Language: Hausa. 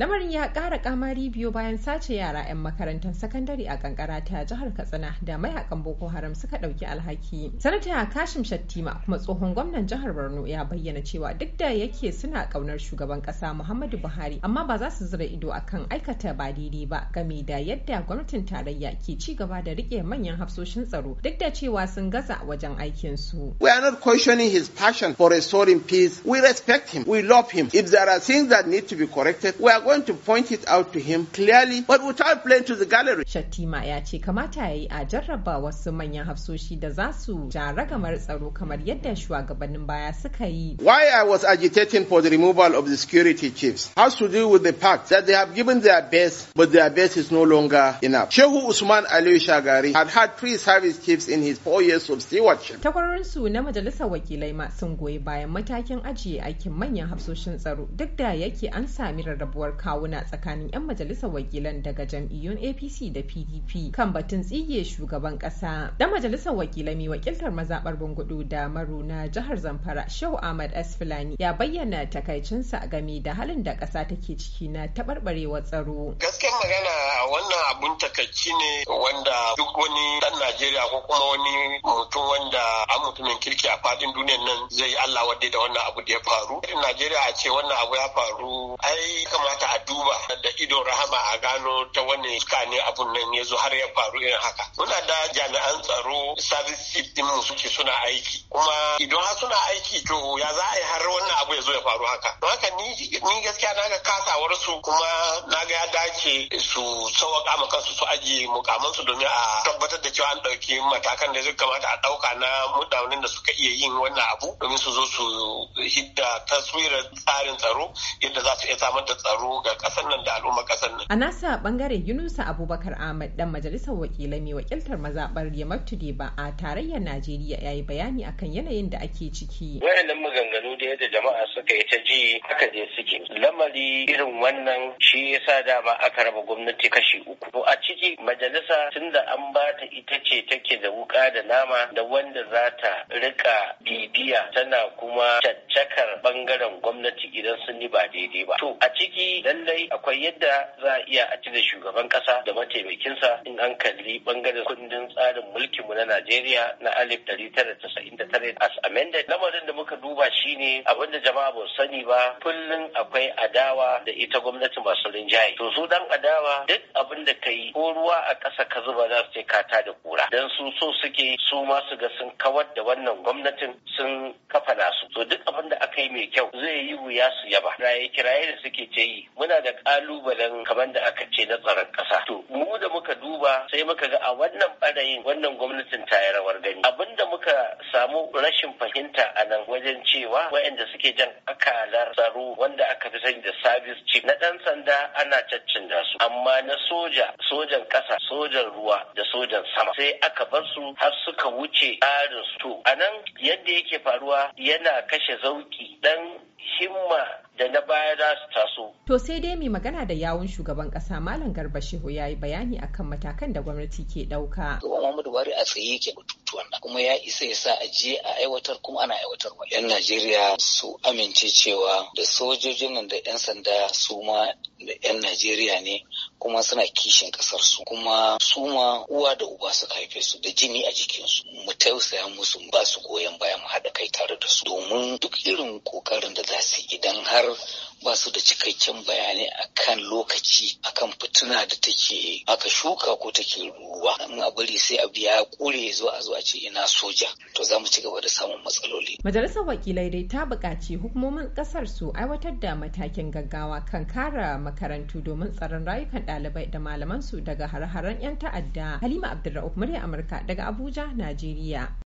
Lamarin ya ƙara kamari biyu bayan sace yara 'yan makarantar sakandare a kankara ta jihar Katsina da mayakan Boko Haram suka ɗauki alhaki. Sanata Kashim Shattima kuma tsohon gwamnan jihar Borno ya bayyana cewa duk da yake suna ƙaunar shugaban ƙasa Muhammadu Buhari amma ba za su zira ido akan aikata ba daidai ba game da yadda gwamnatin tarayya ke ci gaba da rike manyan hafsoshin tsaro duk da cewa sun gaza wajen aikin su. We are not questioning his passion for restoring peace. We respect him. We love him. If there are things that need to be corrected, we are going to point it out to him clearly but without playing to the gallery. Shattima ya ce kamata ya yi a jarraba wasu manyan hafsoshi da za su jara gamar tsaro kamar yadda shugabannin baya suka yi. Why I was agitating for the removal of the security chiefs has to do with the fact that they have given their best but their best is no longer enough. Shehu Usman Aliyu Shagari had had three service chiefs in his four years of stewardship. Takwarorinsu na majalisar wakilai ma sun goyi bayan matakin ajiye aikin manyan hafsoshin tsaro duk da yake an sami rarrabuwar kawuna tsakanin 'yan majalisar wakilan daga jam'iyyun apc da pdp kan batun tsige shugaban kasa dan majalisar wakilai mai wakiltar mazabar bangudu da na jihar zamfara shehu ahmad s fulani ya bayyana takaicinsa game da halin da kasa take ciki na taɓarɓarewar tsaro gaskiyar magana wannan abun takaici ne wanda duk wani dan najeriya ko kuma wani mutum wanda an kirki a fadin duniyan nan zai allah wadda da wannan abu da ya faru najeriya a ce wannan abu ya faru ai kamata I do idon rahama a gano ta wani kane ne abun nan ya zo har ya faru irin haka muna da jami'an tsaro service chief din mu suke suna aiki kuma idan har suna aiki to ya za a yi har wannan abu ya zo ya faru haka don haka ni gaskiya na ga kasawar su kuma na ga ya dace su sauwaƙa ma kansu su ajiye mukaman su domin a tabbatar da cewa an ɗauki matakan da zai kamata a ɗauka na mutanen da suka iya yin wannan abu domin su zo su hidda taswirar tsarin tsaro yadda za su iya samar da tsaro ga ƙasar nan da al'umma kuma kasar nan. A nasa bangare Yunusa Abubakar Ahmad dan majalisar wakilai mai wakiltar mazabar Yamar ba a tarayyar Najeriya yayi bayani akan yanayin da ake ciki. Wayannan maganganu da yadda jama'a suka yi ta ji haka dai suke. Lamari irin wannan shi yasa dama aka raba gwamnati kashi uku. To a ciki majalisa tun da an ba ta ita ce take da wuka da nama da wanda za ta rika bibiya tana kuma caccakar bangaren gwamnati idan sun yi ba daidai ba. To a ciki lallai akwai yadda yadda za a iya a cire shugaban kasa da mataimakinsa in an kalli bangaren kundin tsarin mulkinmu na Najeriya na alif ɗari tara tasa'in da as amended lamarin da muka duba shine abin da jama'a ba sani ba kullum akwai adawa da ita gwamnati masu rinjaye to su dan adawa duk abin da ka yi ko ruwa a ƙasa ka zuba za su ce kata da kura dan su so suke su ma su ga sun kawar da wannan gwamnatin sun kafana su to duk abin da aka yi mai kyau zai yi wuya su yaba raye kiraye da suke ce yi muna da kalubalen kamar da aka ce na tsaron kasa to mu da muka duba sai muka ga a wannan barayin wannan gwamnatin ta yi rawar gani abin da muka samu rashin fahimta a nan wajen cewa waɗanda suke jan akalar tsaro wanda aka fi sani da service chief na ɗan sanda ana da su amma na soja sojan ƙasa sojan ruwa da sojan sama sai aka bar su har suka wuce tsarin su to a nan yadda yake faruwa yana kashe zauki dan himma da na baya za su taso. To sai dai mai magana da yawun shugaban kasa Malam Garba Shehu ya yi bayani akan matakan da gwamnati ke ɗauka. Shugaban Muhammadu Buhari a tsaye yake batutuwan kuma ya isa ya sa a je a aiwatar kuma ana aiwatar wa. 'Yan Najeriya su amince cewa da sojojin nan da 'yan sanda su ma da 'yan Najeriya ne kuma suna kishin kasar su kuma su ma uwa da uba suka haife su da jini a jikinsu mu tausaya musu ba su goyon baya mu haɗa kai tare da su domin duk irin ƙoƙarin da za su idan har ba su da cikakken bayanai akan lokaci akan fituna da take aka shuka ko take ruwa in a bari sai abu ya kure zo a zuwa ce ina soja to za mu ci gaba da samun matsaloli majalisar wakilai dai ta buƙaci hukumomin ƙasar su aiwatar da matakin gaggawa kan kara makarantu domin tsaron rayukan ɗalibai da malaman su daga har-haren 'yan ta'adda halima abdulra'uf murya amurka daga abuja najeriya